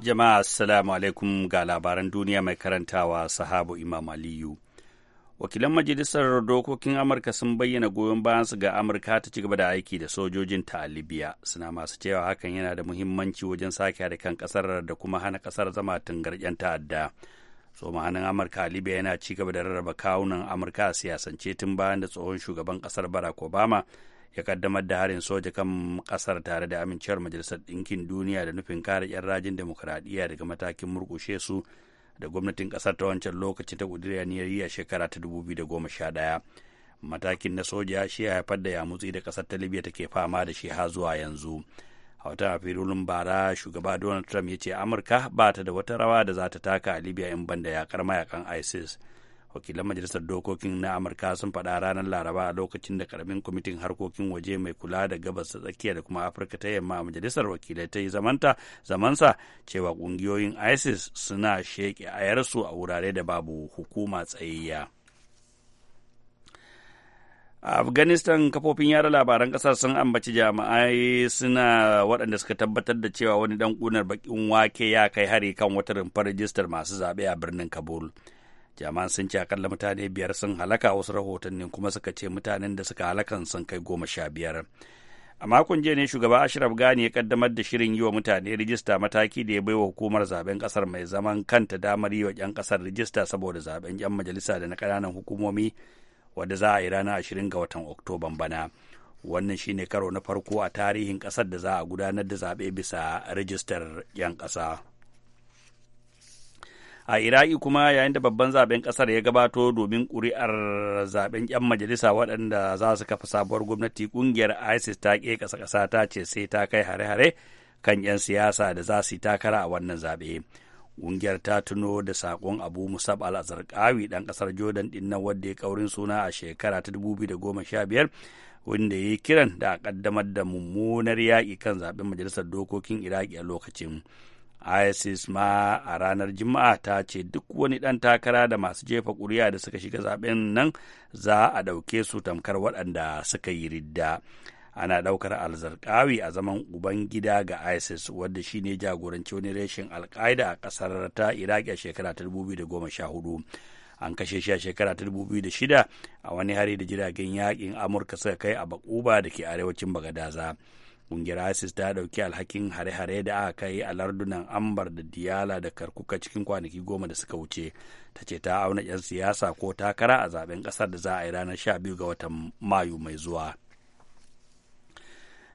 Jama'a assalamu alaikum ga labaran duniya mai karantawa sahabu Imam Aliyu. Wakilan Majalisar Dokokin Amurka sun bayyana goyon bayansu ga Amurka ta ci gaba da aiki da sojojin ta a Libya, suna masu cewa hakan yana da muhimmanci wajen sake da kan kasar da kuma hana kasar zama tungarjen ta'adda. So ma'anin Amurka a Libya yana ci gaba da rarraba kawunan Amurka a siyasance tun bayan da tsohon shugaban kasar Barack Obama ya kaddamar da harin soja kan kasar tare da amincewar majalisar ɗinkin duniya da nufin kare 'yan rajin demokuraɗiyya daga matakin murƙushe su da gwamnatin kasar ta wancan lokaci ta ƙudiri a shekara ta 2011 matakin na soja shi ya haifar da yamutsi da kasar ta libya take fama da shi har zuwa yanzu a wata afirulun bara shugaba donald trump ya ce amurka ba ta da wata rawa da za ta taka a libya in banda yakar mayakan isis wakilan majalisar dokokin na amurka sun faɗa ranar laraba a lokacin da karamin kwamitin harkokin waje mai kula da gabas ta tsakiya da kuma afirka ta yamma a majalisar wakilai ta yi zamanta zamansa cewa ƙungiyoyin isis suna sheƙe ayarsu a wurare da babu hukuma tsayayya. a afghanistan kafofin yara labaran kasar sun ambaci jami'ai suna waɗanda suka tabbatar da cewa wani dan kunar bakin wake ya kai hari kan wata rumfar rijistar masu zaɓe a birnin kabul jami'an sun ce akalla mutane biyar sun halaka wasu rahotannin kuma suka ce mutanen da suka halakan sun kai goma sha biyar a makon jiya ne shugaba ashraf gani ya kaddamar da shirin yi wa mutane rijista mataki da ya baiwa hukumar zaben kasar mai zaman kanta damar yi wa 'yan kasar rijista saboda zaben 'yan majalisa da na kananan hukumomi wadda za a yi ranar ashirin ga watan oktoban bana wannan shine karo na farko a tarihin kasar da za a gudanar da zaɓe bisa rijistar 'yan ƙasa. a iraki kuma yayin da babban zaben kasar ya gabato domin ƙuri'ar zaben 'yan majalisa waɗanda za su kafa sabuwar gwamnati ƙungiyar isis ta ƙe ƙasa ta ce sai ta kai hare-hare kan 'yan siyasa da za su yi takara a wannan zaɓe ƙungiyar ta tuno da saƙon abu musab al azarqawi ɗan ƙasar jordan ɗin nan wadda ya ƙaurin suna a shekara ta 2015 wanda ya yi kiran da a ƙaddamar da mummunar yaƙi kan zaɓen majalisar dokokin iraki a lokacin isis ma a ranar juma'a ta ce duk wani ɗan takara da masu jefa ƙuri'a da suka shiga zaɓen nan za a ɗauke su tamkar waɗanda suka yi ridda ana ɗaukar alzarkawi a zaman uban gida ga isis wadda shi ne jagoranci wani reshen alƙaida a ƙasar ta iraq a shekara ta 2014 an kashe shi a shekara ta 2006 a wani hari da jiragen yaƙin amurka suka kai a bakuba da ke arewacin bagadaza kungiyar isis ta dauki alhakin hare-hare da aka kai a lardunan ambar da diyala da karkuka cikin kwanaki goma da suka wuce ta ce ta auna 'yan siyasa ko takara a zaben kasar da za a yi ranar 12 ga watan mayu mai zuwa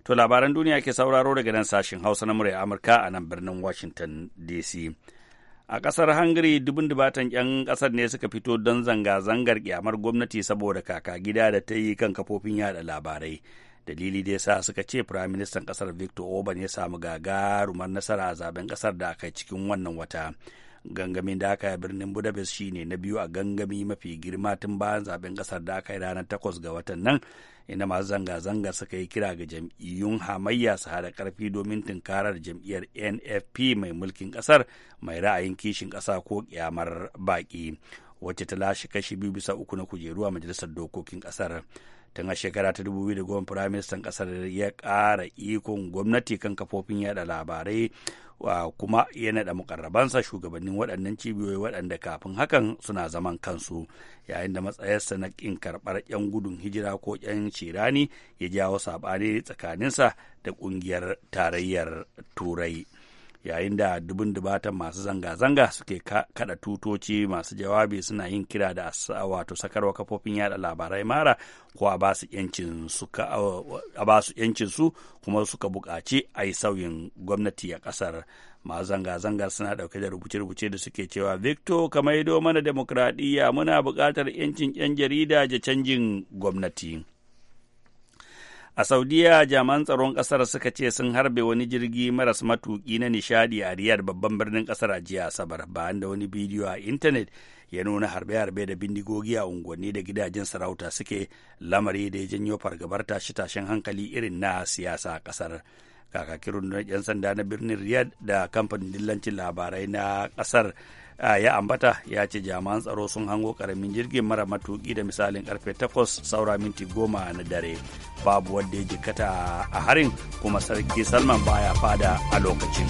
to labaran duniya ke sauraro daga nan sashen hausa na murya amurka a nan birnin washington dc a ƙasar hungary dubin dubatan 'yan ƙasar ne suka fito don zanga-zangar kyamar gwamnati saboda kaka gida da ta yi kan kafofin yada labarai dalili da yasa suka ce firaministan kasar victor orban ya samu gagarumar nasara a zaben kasar da aka cikin wannan wata gangamin da aka yi birnin budapest shine na biyu a gangami mafi girma tun bayan zaben kasar da aka yi ranar takwas ga watan nan inda masu zanga-zanga suka yi kira ga jam'iyyun hamayya su haɗa ƙarfi domin tunkarar jam'iyyar nfp mai mulkin ƙasar mai ra'ayin kishin ƙasa ko ƙyamar baƙi wacce ta lashe kashi biyu bisa uku na kujeru a majalisar dokokin ƙasar tun a shekara ta dubu biyu da 2010 firaministan kasar ya kara ikon gwamnati kan kafofin yada labarai kuma ya naɗa mukarrabansa shugabannin waɗannan cibiyoyi waɗanda kafin hakan suna zaman kansu yayin da matsayarsa na ƙin karɓar 'yan gudun hijira ko 'yan cirani ya jawo saɓani tsakaninsa da ƙungiyar tarayyar turai. yayin da dubun dubatan masu zanga-zanga suke kada tutoci masu jawabi suna yin kira da wato sakarwa kafofin yada labarai mara ko a ba su yancin su kuma suka buƙaci a yi sauyin gwamnati a ƙasar masu zanga zanga suna ɗauke da rubuce-rubuce da suke cewa victor kamaido mana demokradiyya muna bukatar yancin 'yan jarida da canjin gwamnati. A Saudiya jami'an tsaron ƙasar suka ce sun harbe wani jirgi maras matuki na nishadi a Riyadh babban birnin ƙasar a jiya Asabar bayan da wani bidiyo a intanet ya nuna harbe-harbe da bindigogi a unguwanni da gidajen sarauta suke lamari da ya janyo fargabar tashe-tashen hankali irin na siyasa a ƙasar. kakakin na 'yan sanda na birnin riyadh da kamfanin dillancin labarai na kasar ya ambata ya ce jami'an tsaro sun hango karamin jirgin mara matuki da misalin karfe 8 saura minti goma na dare babu wanda ya jikata a harin kuma sarki salman baya fada a lokacin.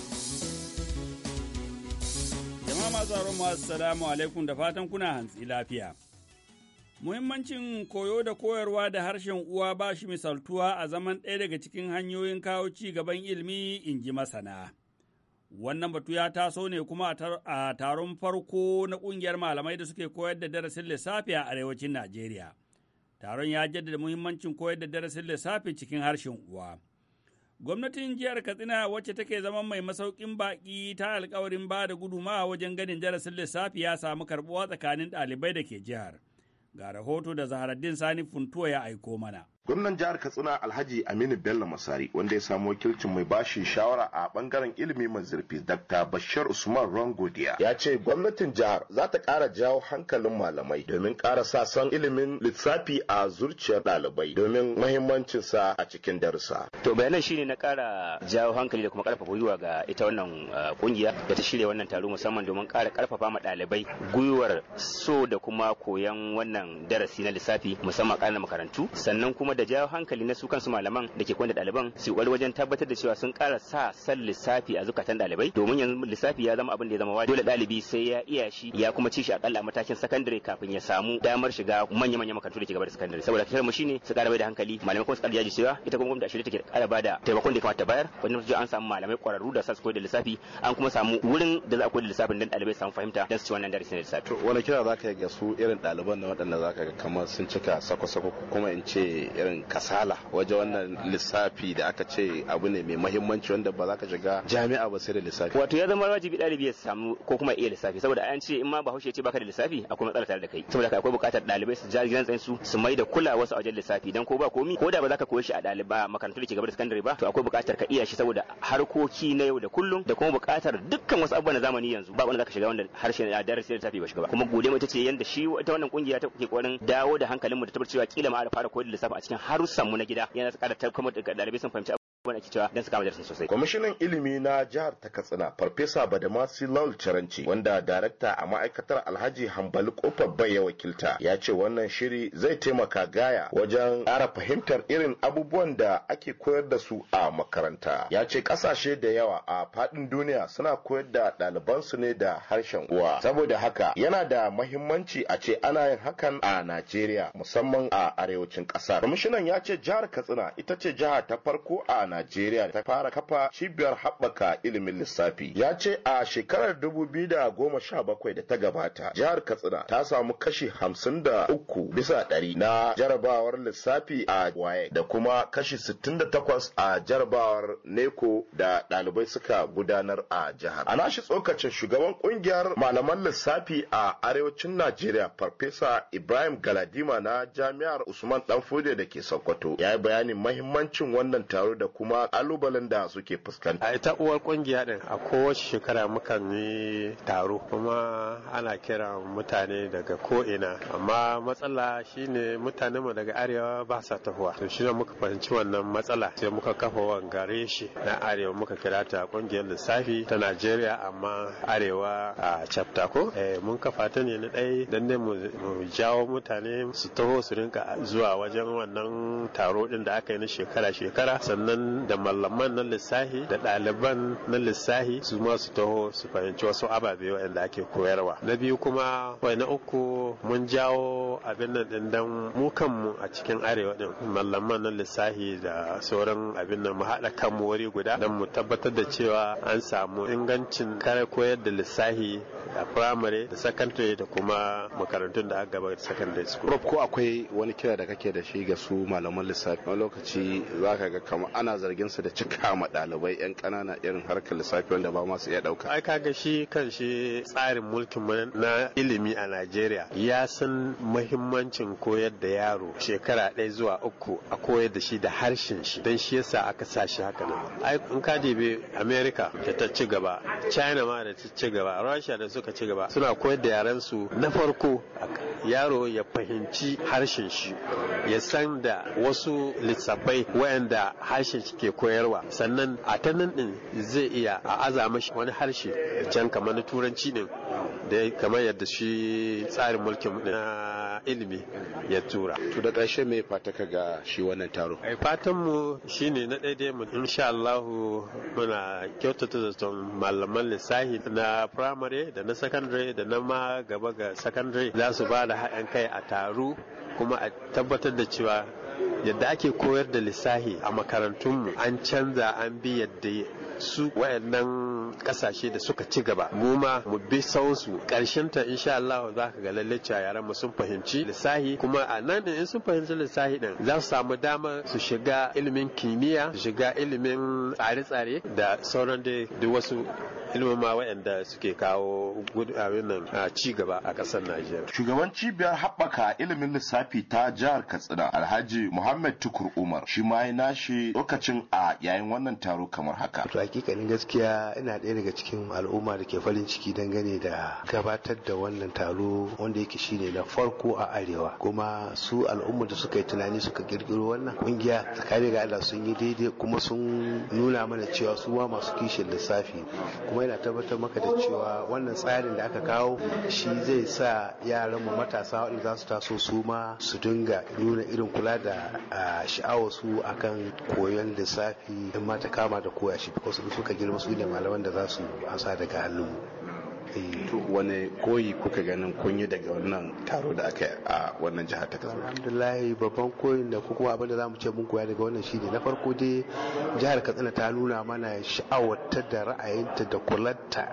masu mu assalamu alaikum da fatan kuna hantsi lafiya. Muhimmancin koyo da koyarwa da harshen uwa ba shi misaltuwa a zaman ɗaya daga cikin hanyoyin kawo ci gaban ilimi in ji masana. Wannan batu ya taso ne kuma a taron farko na ƙungiyar malamai da suke koyar da darasin lissafi a arewacin Najeriya. Taron ya jaddada muhimmancin koyar da darasin lissafi cikin harshen uwa. Gwamnatin jihar Katsina wacce take zama mai masaukin baƙi ta alkawarin ba da guduma wajen ganin darasin lissafi ya samu karɓuwa tsakanin ɗalibai da ke jihar. Ga rahoto da Zaharaddin Sani Funtuwa ya aiko mana. gwamnan jihar katsina alhaji aminu bello masari wanda ya samu wakilcin mai bashi shawara a bangaren ilimi mai zurfi dr bashir usman godiya ya ce gwamnatin jihar za ta kara jawo hankalin malamai domin kara sa san ilimin lissafi a zuciyar ɗalibai domin sa a cikin darussa to bayanan shine na kara jawo hankali da kuma karfafa gwiwa ga ita wannan kungiya uh, da ta shirya wannan taro musamman domin kara karfafa ma ɗalibai gwiwar so da kuma koyan wannan darasi na lissafi musamman ƙananan makarantu sannan kuma kuma da jawo hankali na su kansu malaman da ke kwanda ɗaliban su ƙwari wajen tabbatar da cewa sun ƙara sa san lissafi a zukatan ɗalibai domin yanzu lissafi ya zama abin da ya zama dole ɗalibi sai ya iya shi ya kuma ci shi akalla a matakin sakandare kafin ya samu damar shiga manya-manyan makarantu da ke gaba da sakandare saboda kiran mu shine su ƙara bai da hankali malamai kuma su ƙara jaji cewa ita gwamnati a shirye take ƙara ba da taimakon da ya kamata bayar wannan an samu malamai ƙwararru da sa su koyar da lissafi an kuma samu wurin da za a koyar da lissafin don ɗalibai samu fahimta don su ci wannan darasi na lissafi. to wani kira za ka yi ga su irin ɗaliban da waɗanda za ka ga kamar sun cika sako-sako kuma in ce irin kasala waje wannan lissafi da aka ce abu ne mai mahimmanci wanda ba za ka shiga jami'a ba sai da lissafi wato ya zama wajibi ɗalibi ya samu ko kuma iya lissafi saboda an ce in ma bahaushe ya ce baka da lissafi akwai matsala tare da kai saboda akwai buƙatar ɗalibai su jari gidan su su mai da kula wasu a wajen lissafi dan ko ba komi ko da ba za ka koyi shi a ɗaliba makarantu da ke gaba da sakandare ba to akwai buƙatar ka iya shi saboda harkoki na yau da kullum da kuma buƙatar dukkan wasu abubuwan na zamani yanzu ba wanda za ka shiga wanda harshe na darasi da lissafi ba shiga ba kuma gode mu ita ce yanda shi ita wannan kungiya ta ke kokarin dawo da hankalin mu da tabbacewa kila ma fara koyar da lissafi a sun har samu na gida yana ta kuma da ɗalibai sun fahimci wani cewa dan sosai. Kwamishinan ilimi na jihar ta Katsina Farfesa Badamasi Lawal Caranci wanda darakta a ma'aikatar Alhaji Hambali Kofar bai ya wakilta ya ce wannan shiri zai taimaka gaya wajen ƙara fahimtar irin abubuwan da ake koyar da su a makaranta. Ya ce ƙasashe da yawa a faɗin duniya suna koyar da ɗalibansu ne da harshen uwa. Saboda haka yana da mahimmanci a ce ana yin hakan a Najeriya musamman a arewacin ƙasar. Kwamishinan ya ce jihar Katsina ita ce jiha ta farko a Najeriya ta fara kafa cibiyar haɓaka ilimin lissafi. Ya ce a shekarar 2017 da ta gabata jihar Katsina ta samu kashi 53 bisa ɗari na jarabawar lissafi a waye da kuma kashi 68 a jarabawar neko da ɗalibai suka gudanar a jihar. A nashi tsokacin shugaban ƙungiyar malaman lissafi a arewacin Najeriya Farfesa Ibrahim Galadima na jami'ar Usman Danfodiyo da ke Sokoto ya yi bayanin mahimmancin wannan taro da kuma kalubalen da suke fuskanta. A ita uwar kungiya din a kowace shekara mukan yi taro kuma ana kira mutane daga ko ina, amma matsala shine mutane mu daga arewa ba sa tahowa to shi muka fahimci wannan matsala sai muka kafa gare shi. na arewa muka kira ta kungiyar lissafi ta Najeriya amma arewa a chapter ko eh, mun kafa ta ne na ɗaya dan ne mu jawo mutane su taho su rinka zuwa wajen wannan taro din da aka yi na shekara shekara sannan da malaman na lissahi da ɗaliban na lissahi su ma su taho su fahimci wasu ababe waɗanda ake koyarwa na biyu kuma wai na uku mun jawo abin nan ɗin dan mu a cikin arewa ɗin malaman na lissahi da sauran abin nan mu haɗa kanmu wuri guda don mu tabbatar da cewa an samu ingancin kare koyar da lissahi a firamare da sakandare da kuma makarantun da aka gaba da sakandare su. ko akwai wani kira da kake da shi ga su malaman lissafi wani lokaci za ka ga kama ana zargin su da cika ma ɗalibai 'yan kanana irin harkar lissafi wanda ba masu iya dauka Ai kaga shi kan shi tsarin mulkin mu na ilimi a Najeriya ya san mahimmancin koyar da yaro shekara ɗaya zuwa uku a koyar da shi da harshen shi don shi yasa aka sa shi haka nan. Ai in ka dibe America da ta ci gaba, China ma da ta ci gaba, Russia da suka ci gaba suna koyar da yaran su na farko yaro ya fahimci harshen shi ya san da wasu lissafai wayanda harshen shi suke koyarwa sannan a ta nan din zai iya a aza mashi wani harshe can kamar na turanci ɗin da kamar yadda shi tsarin mulkin na ilimi ya tura to da ƙarshe mai fata ka ga shi wannan taro ai fatan mu shine na daidai mu insha Allah muna kyautata zaton malaman lissahi na primary da na secondary da na ma gaba ga secondary za su ba da haɗin kai a taro kuma a tabbatar da cewa yadda ake koyar da lissahi a makarantunmu an canza an bi yadda su wayannan kasashe da suka ci gaba mu mu bi sauransu karshen ta insha Allah za ka ga lallace yaran mu sun fahimci lissahi kuma a nan in sun fahimci lissahi din za su samu dama su shiga ilimin kimiyya su shiga ilimin tsare-tsare da sauran da duk wasu ilmama wayanda suke kawo nan a ci gaba a kasar Najeriya. Shugaban cibiyar haɓaka ilimin lissafi ta jihar Katsina Alhaji Muhammad Tukur Umar shi ma ya nashi lokacin a yayin wannan taro kamar haka. hakikanin gaskiya ina ɗaya daga cikin al'umma da ke farin ciki dangane da gabatar da wannan taro wanda yake shine na farko a arewa kuma su al'umma da suka yi tunani suka kirkiro wannan kungiya tsakani ga Allah sun yi daidai kuma sun nuna mana cewa su ma masu kishin lissafi kuma yana tabbatar maka da cewa wannan tsarin da aka kawo shi zai sa yaran mu matasa waɗanda za su taso su ma su dinga nuna irin kula da sha'awar su akan koyon lissafi in ma ta kama da koya shi because suka girma su ne malaman da za su ansa daga hannunmu eh. to wani koyi kuka ganin kun yi daga wannan taro da aka a wannan jihar ta katsina alhamdulillah babban koyin da ko kuma abin da zamu ce mun koya daga wannan shine na farko dai jihar katsina ta nuna mana sha'awar da ra'ayinta da kularta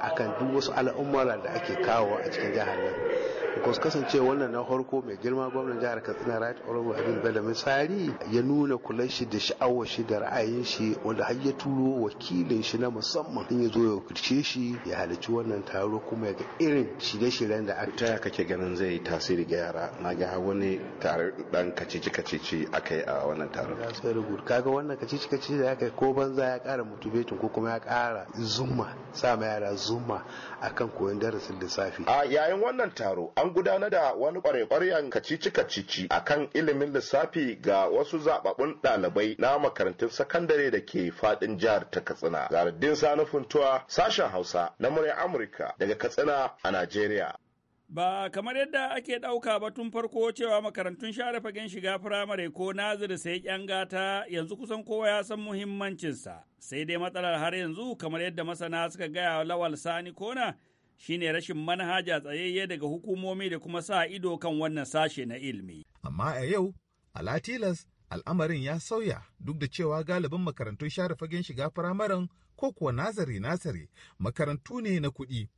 akan duk wasu al'ummar da ake kawo a cikin jihar nan because kasance wannan na farko mai girma gwamnan jihar katsina right honorable abin bala misali ya nuna kulan shi da sha'awar shi da ra'ayin shi wanda har ya turo wakilin shi na musamman in ya zo ya wakilce shi ya halarci wannan taro kuma ya ga irin shirye-shiryen da aka taya kake ganin zai yi tasiri ga yara na ga wani tare dan kacici kacici aka yi a wannan taron ya kaga wannan kacici kacici da aka yi ko banza ya kara mutubetin ko kuma ya kara zuma sa yara zuma akan koyon darasin lissafi a yayin wannan taro an an gudanar da wani kwarekwaren kacici-kacici a kan ilimin lissafi ga wasu zababbun ɗalibai na makarantun sakandare da ke faɗin jihar ta Katsina. Zaradin Sani Funtuwa sashen Hausa na murya Amurka daga Katsina a Najeriya. Ba kamar yadda ake ɗauka ba tun farko cewa makarantun share fagen shiga firamare ko naziri sai yan gata yanzu kusan kowa ya san muhimmancinsa, sai dai matsalar har yanzu kamar yadda masana suka gaya lawal sani kona shine rashin manhaja tsayayye daga hukumomi da kuma sa ido kan wannan sashe na ilimi. Amma a yau, ala al'amarin ya sauya duk da cewa galibin makarantun share fagen shiga firamaren ko kuwa nazari-nazari makarantu ne na kuɗi.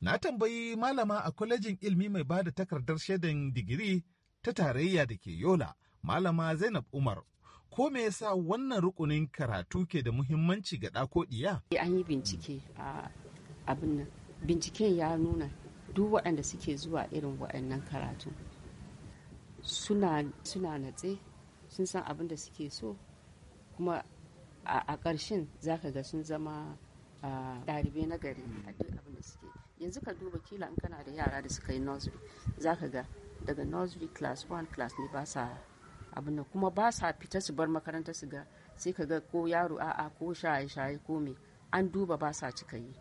Na tambayi malama a kwalejin Ilmi mai ba da takardar shaidan digiri ta tarayya da ke Yola, malama Zainab Umar, ko me yasa wannan rukunin karatu ke da muhimmanci ga ɗako ɗiya? An yi bincike a abin nan binciken ya nuna duk waɗanda suke zuwa irin waɗannan karatu suna natse sun san abin da suke so kuma a ƙarshen za ka ga sun zama ɗalibai na gari a duk abin da suke yanzu ka duba kila in kana da yara da suka yi nursery za ka ga daga nursery class 1 class ne ba sa abin nan kuma ba sa fita su bar makaranta su ga sai ka ga ko yaro a'a ko shaye-shaye ko me an duba ba sa cika yi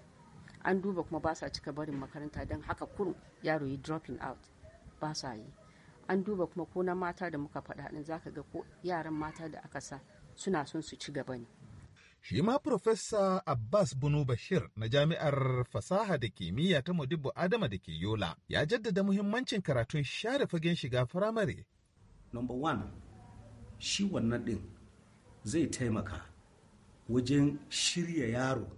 an duba kuma ba sa cika barin makaranta don haka kuru yaro yi dropping out ba sa yi an duba kuma ko na mata da muka faɗa ɗin zaka ga ko yaran mata da aka sa suna son su ci gaba ne shi ma Profesa Abbas Bunu Bashir na Jami'ar Fasaha da Kimiyya ta Modibo Adama da ke Yola ya jaddada muhimmancin karatun share fagen shiga firamare. Number one, shi wannan ɗin zai taimaka wajen shirya yaro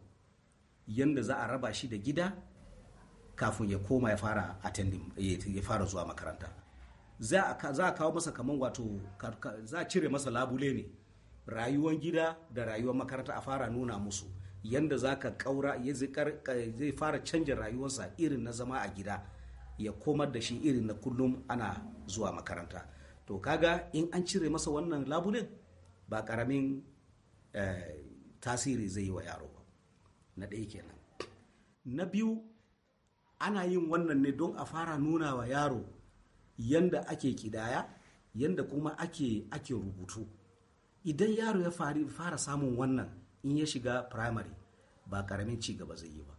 yanda za a raba shi da gida kafin ya koma ya fara attending ya fara zuwa makaranta za a kawo masa kamar wato za a cire masa labule ne rayuwar gida da rayuwar makaranta a fara nuna musu yanda za ka kaura zai fara canja rayuwarsa irin na zama a gida ya komar da shi irin na kullum ana zuwa makaranta to kaga in an cire masa wannan labulin ba karamin eh, tasiri zai yi wa yaro ba na ɗaya kenan na biyu ana yin wannan ne don a fara nuna wa yaro yanda ake kidaya yanda kuma ake ake rubutu idan yaro ya fara samun wannan in ya shiga primary ba karamin ci gaba zai yi ba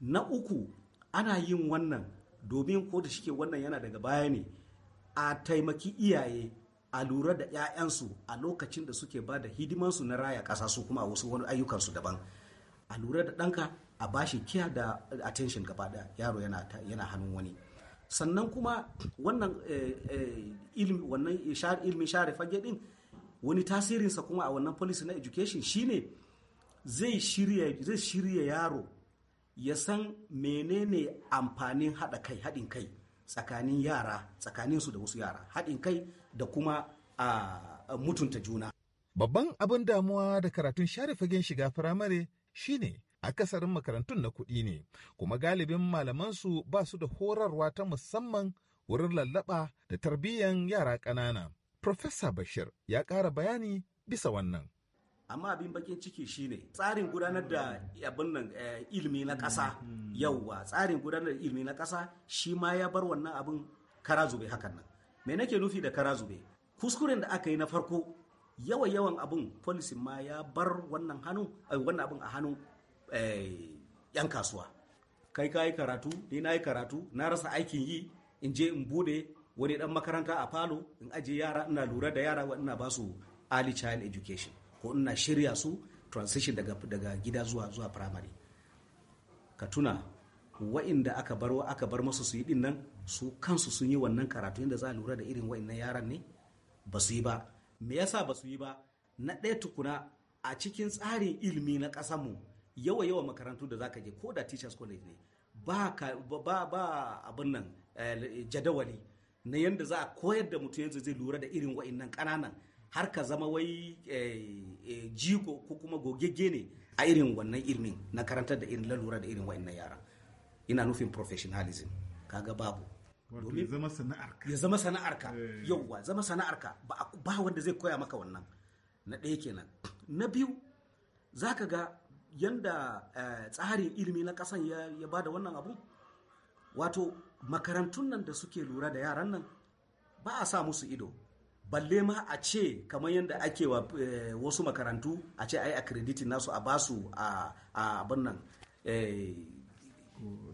na uku ana yin wannan domin ko da shike wannan yana daga baya ne a taimaki iyaye a lura da 'ya'yansu a lokacin da suke ba da hidimansu na raya ƙasa su kuma a wasu wani ayyukansu daban a lura da ɗanka a bashi kiya da attention gaba da yaro yana yana hannun wani sannan kuma wannan eh, eh, ilmi wannan ilmin share fage din wani tasirinsa kuma a wannan policy na education shine zai shirya yaro ya san menene amfanin haɗa kai haɗin kai tsakanin yara tsakaninsu da wasu yara haɗin kai da kuma a mutunta juna babban abin damuwa da karatun share fagen shiga firamare shine akasarin makarantun na kuɗi ne kuma galibin malamansu ba su da horarwa ta musamman wurin lallaba da tarbiyyan yara ƙanana. Profesa Bashir ya ƙara bayani bisa wannan. amma abin bakin ciki shine tsarin gudanar da abin nan eh, ilimi na ƙasa yauwa tsarin gudanar da ilimi na ƙasa shi ma ya bar wannan abin kara zube hakan nan me nake nufi da kara zube kuskuren da aka yi na farko yawa yawan abun policy ma ya bar wannan hannu eh, wannan abin a hannun eh, yan kasuwa kai ka yi karatu ni na yi karatu na rasa aikin yi in je in bude wani dan makaranta a falo in aje yara ina lura da yara wa ina basu early child education ko ina shirya su transition daga, daga gida zuwa zuwa primary ka tuna wa'inda aka bar aka bar masu su yi din nan su kansu sun yi wannan karatu inda za a lura da irin wa'innan yaran ne ba su yi ba me yasa ba su yi ba na ɗaya tukuna a cikin tsarin ilimi na ƙasarmu yawa yawa makarantu da zaka je ko da teachers college ne ba ba ba abin nan eh, jadawali na yanda za a koyar da mutum yanzu zai lura da irin wa'innan ƙananan har ka zama wai eh, eh, jigo ko kuma gogegge ne a irin wannan ilimin na karantar da irin lalura da irin wa'annan yara ina nufin professionalism kaga babu domin zama sana'arka ya zama sana'arka eh. yauwa zama sana'arka ba ba wanda zai koya maka wannan na ɗaya kenan na biyu zaka ga yanda eh, tsarin ilimi na ƙasan ya, ya bada wannan abu wato makarantun nan da suke lura da yaran nan ba a sa musu ido balle ma a ce kamar yadda ake wa eh, wasu makarantu a ce ai accrediting nasu a basu a abin nan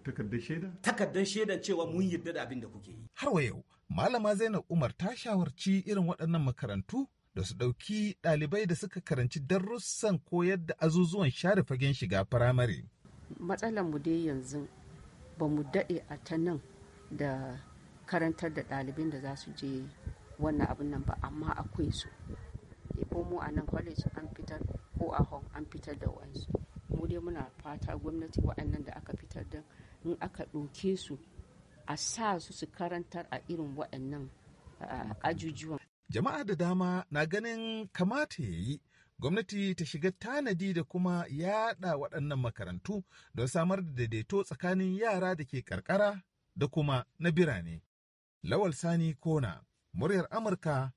takardar shaida? Takardar shaida cewa mun yarda da abin da kuke yi. Har wa yau, Malama Zainab Umar ta shawarci irin waɗannan makarantu da su ɗauki ɗalibai da suka karanci darussan koyar da azuzuwan share fagen shiga firamare. Matsalar mu dai yanzu ba mu daɗe a ta nan da karantar da ɗalibin da za su je wannan abin nan ba amma akwai su. Ko mu a nan college an fitar ko a hon an fitar da wani. mu dai muna fata gwamnati waɗannan da aka fitar da in aka ɗauke su a sa su su karantar a irin waɗannan ajujuwan. Jama'a da dama na ganin kamata ya yi gwamnati ta shiga tanadi da kuma yaɗa waɗannan makarantu don samar da daidaito tsakanin yara da ke karkara da kuma na birane. Lawal Sani Kona, muryar Amurka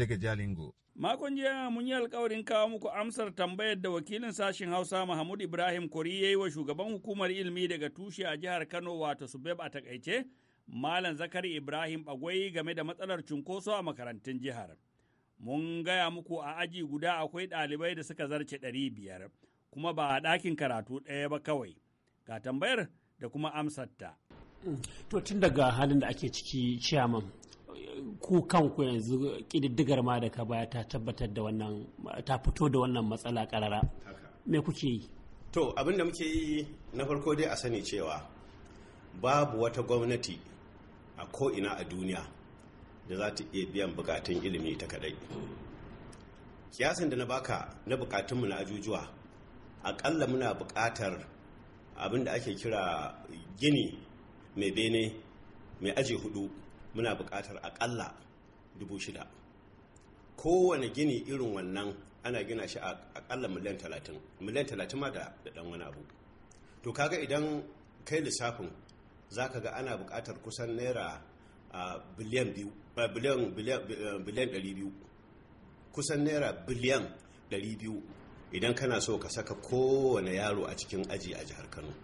daga Jalingo. Makon jiya mun yi alkawarin kawo muku amsar tambayar da wakilin sashen Hausa Mahmud Ibrahim Kori ya yi wa shugaban hukumar ilimi daga tushe a jihar Kano wato Subeb a takaice, Malam Zakari Ibrahim Bagwai game da matsalar cunkoso a makarantun jihar. Mun gaya muku a aji guda akwai ɗalibai da suka zarce ɗari biyar, kuma ba a ɗakin karatu ɗaya ba kawai. Ga tambayar da kuma amsarta. Mm. To tun daga halin da ake ciki ciyaman ku kanku yanzu ƙididdigar ma da ka baya ta tabbatar da wannan ta fito da wannan matsala karara me kuke yi to abin da muke yi na farko dai a sani cewa babu wata gwamnati a ko'ina a duniya da za ta iya biyan bukatun ilimi ta kadai kiyasin da na baka na bukatunmu na ajujuwa akalla muna bukatar abin da ake kira gini mai bene mai aji hudu muna buƙatar aƙalla dubu shida kowane gini irin wannan ana gina shi a aƙalla miliyan talatin miliyan talatin ma da ɗan wani abu to kaga idan kai lissafin za ka ga ana buƙatar kusan naira biliyan ɗari biyu kusan naira biliyan ɗari biyu idan kana so ka saka kowane yaro a cikin aji a jihar kano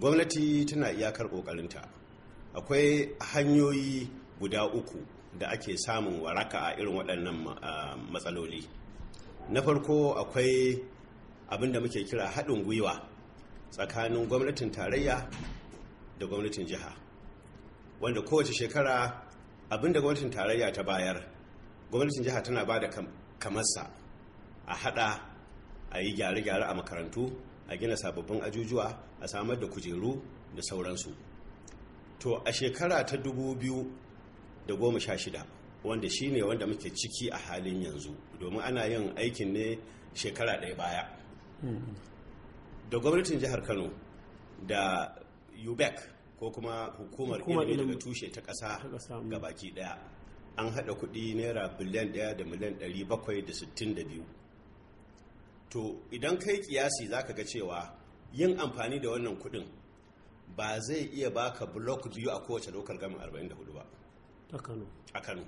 gwamnati tana iyakar ƙoƙarinta akwai hanyoyi guda uku da ake samun waraka a irin waɗannan ah, matsaloli na farko akwai abin da muke kira haɗin gwiwa tsakanin gwamnatin tarayya da gwamnatin jiha wanda kowace shekara abin da gwamnatin tarayya ta bayar gwamnatin jiha tana ba da kamarsa a haɗa a yi gyare-gyare a makarantu a gina sababbin ajujuwa a samar da kujeru da sauransu to a shekara ta 2016 wanda shi ne wanda muke ciki a halin yanzu domin ana yin aikin ne shekara ɗaya baya hmm. da gwamnatin jihar kano da ubec ko kuma hukumar ilimin daga tushe ta ƙasa hmm. baki ɗaya an haɗa kuɗi naira biliyan ɗaya da miliyan ɗari bakwai da sittin da biyu to idan kai kiyasi za ka ga cewa yin amfani da wannan kuɗin ba zai iya baka block biyu a kowace local government 44 ba a kano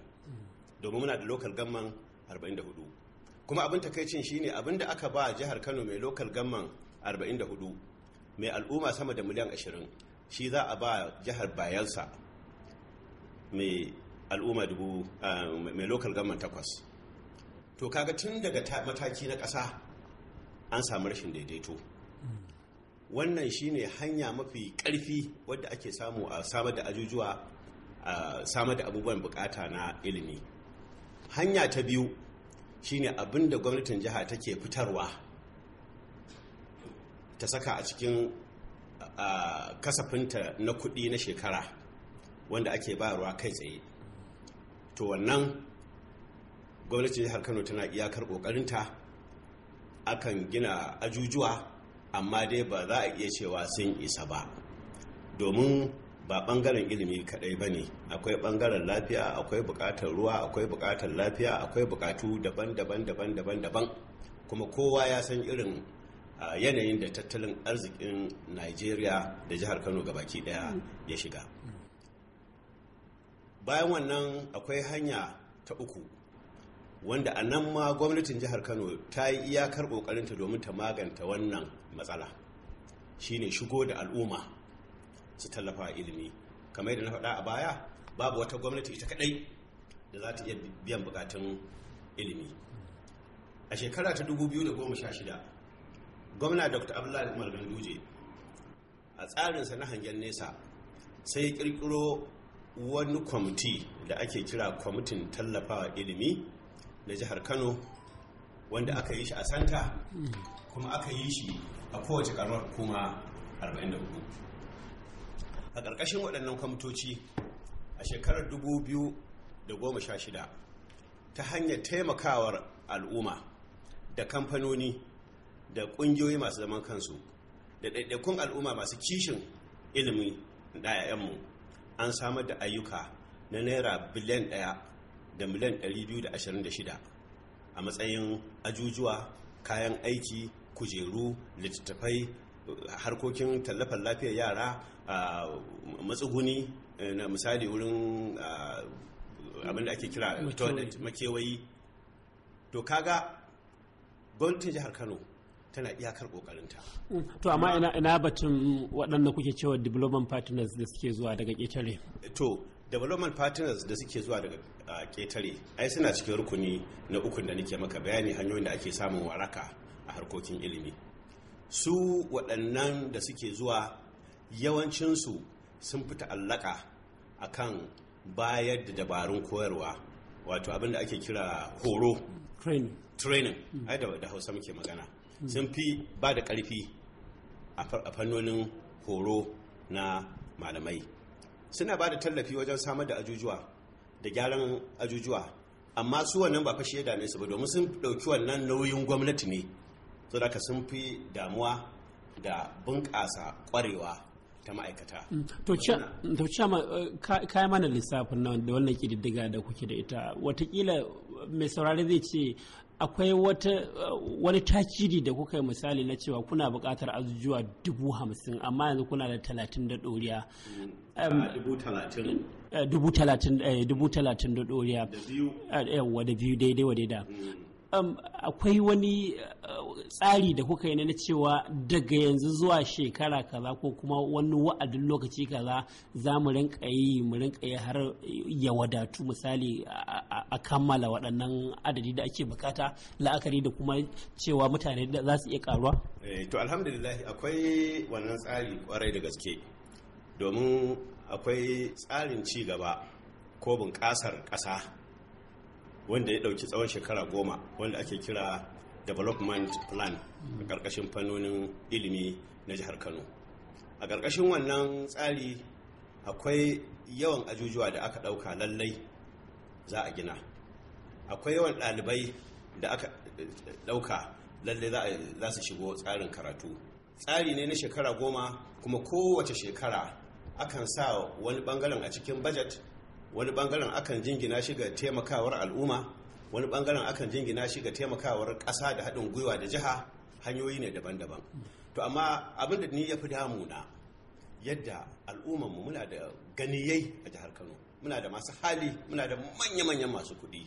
domin muna da local government 44 kuma abin takaicin shine abin da aka ba jihar kano mai local government 44 mai al'umma sama da miliyan 20 shi za a ba jihar bayelsa mai al'umma dubu mai local government takwas to kaga tun daga mataki na ƙasa an samu rashin daidaito hmm. wannan shine hanya mafi karfi wadda ake samu a samar da ajujuwa a samar da abubuwan bukata na ilimi hanya ta biyu shine ne abinda gwamnatin jiha take fitarwa ta saka a cikin kasafinta na kuɗi na shekara wanda ake bayarwa kai tsaye to wannan gwamnatin jihar kano tana iyakar ƙoƙarinta akan gina ajujuwa amma dai ba za a iya cewa sun isa ba domin ba bangaren ilimi kadai ba ne akwai bangaren lafiya akwai bukatar ruwa akwai bukatar lafiya akwai bukatu daban-daban daban-daban daban kuma kowa ya san irin yanayin da tattalin arzikin nigeria da jihar kano baki daya ya shiga bayan wannan akwai hanya ta uku wanda a nan ma gwamnatin jihar kano ta yi iyakar kokarinta domin ta maganta wannan matsala shine shigo da al'umma su tallafa ilimi kamar yadda na faɗa a baya babu wata gwamnati ita kaɗai da za ta iya biyan bukatun ilimi a shekara ta 2016 gwamna dr abdullahi malganduje a tsarinsa na hangen nesa sai ya ƙirƙiro wani kwamiti da ake kira kwamitin tallafawa ilimi na jihar kano wanda aka yi shi a santa kuma aka yi shi a kowace karnar hukuma 44 a ƙarƙashin waɗannan kwamitoci a shekarar 2016 ta hanyar taimakawar al'umma da kamfanoni da ƙungiyoyi masu zaman kansu da ɗaiɗaikun al'umma masu kishin ilimi da 'yanmu an samar da ayyuka na naira biliyan ɗaya da miliyan 226 a matsayin ajujuwa kayan aiki kujeru littattafai harkokin tallafin lafiyar yara a matsuguni eh, na misali wurin abin da ake kira toilet makewayi to kaga gwamnatin jihar kano tana iyakar kokarinta mm, to amma ina ina batun waɗanda kuke cewa development partners da suke zuwa daga ƙetare to development partners da suke zuwa daga a ketare ai suna cikin rukuni na ukun da nake maka bayani hanyoyin da ake samun waraka a harkokin ilimi su waɗannan da suke zuwa yawancinsu sun fita ta'allaka akan kan bayar da dabarun koyarwa wato abin da ake kira horo training mm. ai da hausa muke magana sun fi ba da ƙarfi a fannonin horo na malamai suna ba da tallafi wajen samar da ajujuwa da gyaran ajujuwa amma su wannan ba fashe da nesa ba domin sun ɗauki wannan nauyin gwamnati ne so da sun fi damuwa da bunƙasa ƙwarewa ta ma'aikata. Mm. To uh, ka yi mana lissafin nan da wannan ƙididdiga da kuke da ita watakila mai saurari zai ce akwai uh, wani takiri da kuka yi misali na cewa kuna buƙatar azujuwa dubu hamsin amma yanzu kuna da talatin da ɗoriya. Mm. Um, dubu talatin Eh, dubu talatin eh, eh, yawa da biyu daidai wa um, akwai wani tsari da kuka yi na cewa daga yanzu zuwa shekara kaza ko kuma wani wa'adin lokaci kaza za mu rinka yi mu rinka yi har ya wadatu misali a kammala waɗannan adadi da ake bukata la'akari da kuma cewa mutane za su iya karuwa to alhamdulillah akwai wannan tsari kwarai da gaske domin akwai tsarin ci gaba ko bunƙasar ƙasa wanda ya ɗauki tsawon shekara goma wanda ake kira development plan a ƙarƙashin fannonin ilimi na jihar kano a ƙarƙashin wannan tsari akwai yawan ajujuwa da aka ɗauka lallai za a gina akwai yawan ɗalibai da aka eh, ɗauka lallai za su shigo tsarin karatu tsari ne na shekara goma kuma kowace shekara akan sa wani bangaren a cikin budget wani bangaren akan jingina shi ga taimakawar al'umma wani bangaren akan jingina shi ga taimakawar ƙasa da haɗin gwiwa da jiha hanyoyi ne daban-daban to amma abin da ni ya fi damuna yadda mu muna da ganiyai a jihar kano muna da masu hali muna da manya-manyan masu kuɗi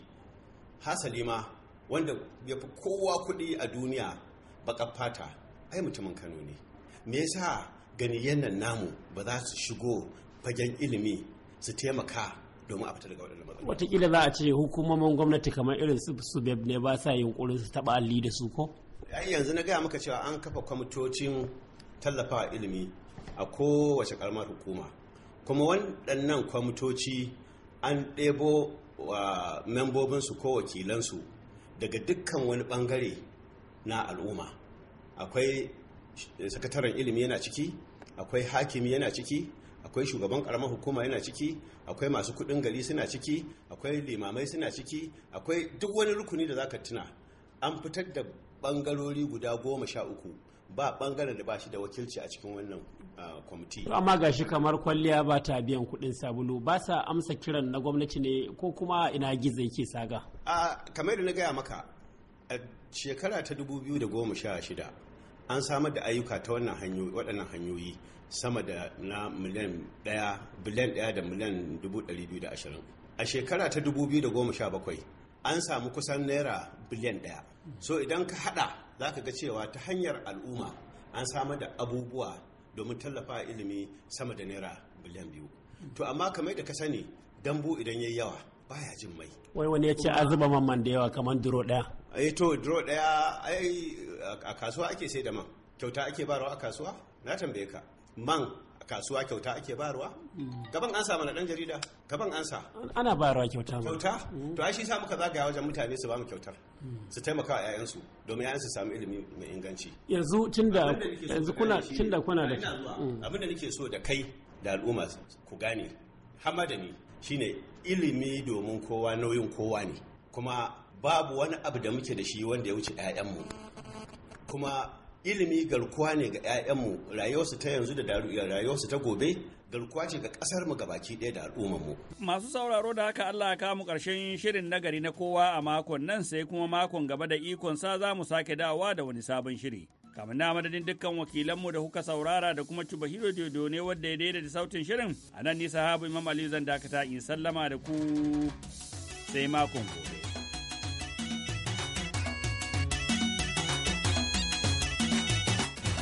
hasali ma wanda ya fi kowa kuɗi a duniya baka fata ai mutumin kano ne me yasa gani nan namu ba za su shigo fagen ilimi su taimaka domin a fita daga waɗannan matsaloli. Wataƙila za a ce hukumomin gwamnati kamar irin su SUBEB ne ba sa yunƙurin su taɓa alli da su ko? Ai yanzu na gaya maka cewa an kafa kwamitocin tallafawa ilimi a kowace ƙaramar hukuma. Kuma waɗannan kwamitoci an ɗebo wa membobinsu ko wakilansu daga dukkan wani ɓangare na al'umma. Akwai sakataren ilimi yana ciki akwai hakimi yana ciki akwai shugaban karamar hukuma yana ciki akwai masu kudin gari suna ciki akwai limamai suna ciki akwai duk wani rukuni da zaka tuna an fitar da bangarori guda goma sha uku ba bangaren da ba shi da wakilci a cikin wannan kwamiti. amma ga shi kamar kwalliya ba ta biyan kuɗin sabulu ba sa amsa kiran na gwamnati ne ko kuma ina gizo yake saga. a kamar da na gaya maka a shekara ta 2016 an samar da ayyuka ta wannan hanyoyi waɗannan hanyoyi sama da na miliyan ɗaya biliyan ɗaya da miliyan dubu ɗari biyu da ashirin a shekara ta dubu biyu da goma sha bakwai an samu kusan naira biliyan ɗaya so idan ka haɗa za ka ga cewa ta hanyar al'umma an samar da abubuwa domin tallafa ilimi sama da naira biliyan biyu to amma kamar da ka sani dambu idan ya yi yawa baya jin mai wai wani ya ce an zuba man da yawa kamar duro ɗaya ai eh, to dro daya ai a kasuwa ake sai da man kyauta ake barwa a kasuwa na tambaye ka man a kasuwa kyauta ake barwa gaban mm. an samu na dan jarida gaban an sa ana barawa kyauta kyauta mm. to ai shi sa muka zagaya wajen mutane su ba mu kyautar mm. su taimaka wa su domin yayan su samu ilimi mai inganci yanzu tunda yanzu kuna tunda kuna da abin da nake so da kai da al'umma ku gane hamadani shine ilimi domin kowa nauyin kowa ne kuma babu wani abu da muke da shi wanda ya wuce 'ya'yanmu kuma ilimi garkuwa ne ga 'ya'yanmu rayuwarsu ta yanzu da rayuwarsu ta gobe garkuwa ce ga kasar mu gabaki ɗaya da al'ummar al'ummarmu. Masu sauraro da haka Allah ka mu ƙarshen shirin nagari na kowa a makon nan sai kuma makon gaba da ikon sa za mu sake dawowa da wani sabon shiri. kamar na madadin dukkan wakilanmu da kuka saurara da kuma cuba hiro dodo ne wadda ya da sautin shirin a nan nisa habu imam aliyu zan dakata in sallama da ku sai makon gobe.